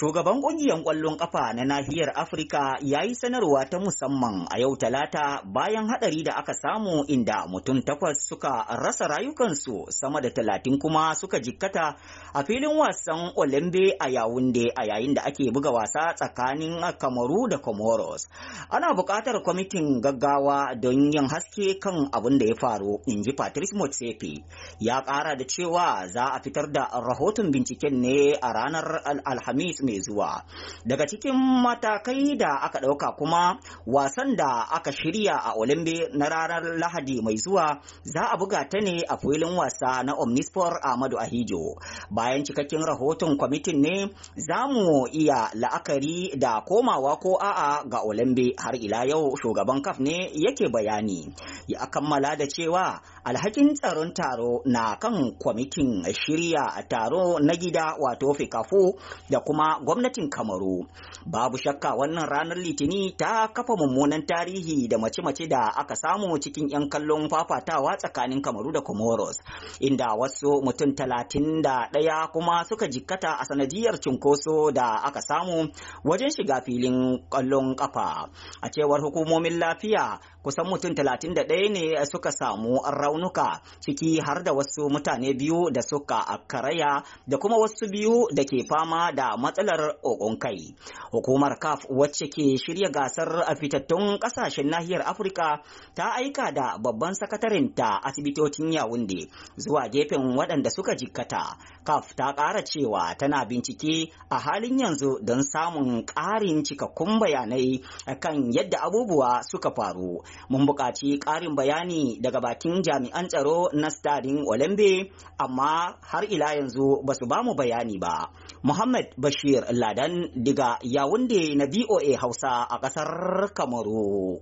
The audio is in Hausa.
Shugaban ƙungiyar ƙwallon ƙafa na nahiyar Afirka ya yi sanarwa ta musamman a yau talata bayan haɗari da aka samu inda mutum takwas suka rasa rayukansu sama da talatin kuma suka jikkata a filin wasan Olembe a Yawunde a yayin da ake buga wasa tsakanin Kamaru da Comoros. Ana buƙatar kwamitin gaggawa don yin haske kan abin da ya faru, in ji Patrice Motsepe. Ya ƙara da cewa za a fitar da rahoton binciken ne a ranar Alhamis mai zuwa daga cikin matakai da aka ɗauka kuma wasan da aka shirya a Olimbi na ranar lahadi mai zuwa za a buga ta ne a filin wasa na omnisport ahmadu ahijo bayan cikakken rahoton kwamitin ne za mu iya la'akari da komawa ko a'a ga Olimbi har ila yau shugaban kaf ne yake bayani ya kammala da cewa alhakin tsaron taro na kan kwamitin shirya taro na gida wato fikafu da kuma gwamnatin kamaru babu shakka wannan ranar litini ta kafa mummunan tarihi da mace-mace da aka samu cikin 'yan kallon fafatawa tsakanin kamaru da comoros inda wasu mutum talatin da ɗaya kuma suka jikkata a sanadiyar cunkoso da aka samu wajen shiga filin kallon kafa a cewar hukumomin lafiya kusan mutum talatin da ɗaya ne suka samu raunuka ciki har da wasu mutane biyu da suka karaya da kuma wasu biyu da ke fama da matsayin matsalar ogun kai hukumar caf wacce ke shirya gasar a fitattun kasashen nahiyar afirka ta aika da babban sakatarinta asibitocin yawunde zuwa gefen waɗanda suka jikkata caf ta ƙara cewa tana bincike a halin yanzu don samun ƙarin cikakkun bayanai kan yadda abubuwa suka faru mun buƙaci ƙarin bayani daga bakin jami'an tsaro na stadin olambe amma har ila yanzu ba su ba mu bayani ba muhammad bashir Kabir Ladan diga Yawunde na BOA Hausa a ƙasar Kamaru.